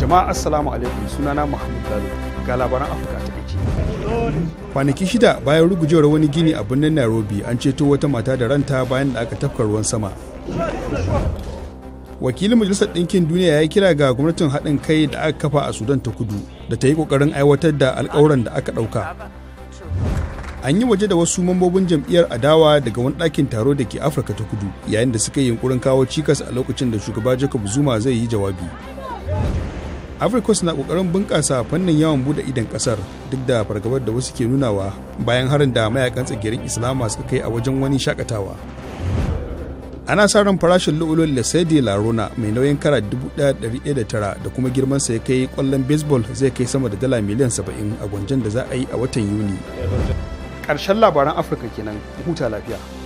jama'a assalamu alaikum sunana muhammad lalo ga labaran afirka ta aiki kwanaki shida bayan rugujewar wani gini a birnin nairobi an ceto wata mata da ranta bayan da aka tafka ruwan sama wakilin majalisar ɗinkin duniya ya kira ga gwamnatin haɗin kai da aka kafa a sudan ta kudu da ta yi ƙoƙarin aiwatar da alƙawuran da aka ɗauka an yi waje da wasu mambobin jam'iyyar adawa daga wani ɗakin taro da ke afirka ta kudu yayin da suka yi yunkurin kawo cikas a lokacin da shugaba jacob zuma zai yi jawabi afirka na kokarin bunƙasa fannin yawon bude idon ƙasar duk da fargabar da wasu ke nunawa bayan harin da mayakan tsagirin Islama suka kai a wajen wani shakatawa. Ana sa ran farashin lu'ulun Lesedi Larona mai nauyin kara 1,109 da kuma girman sa ya kai kwallon baseball zai kai sama da dala miliyan 70 a gwanjan da za a yi a watan Yuni. karshen labaran Afirka kenan huta lafiya.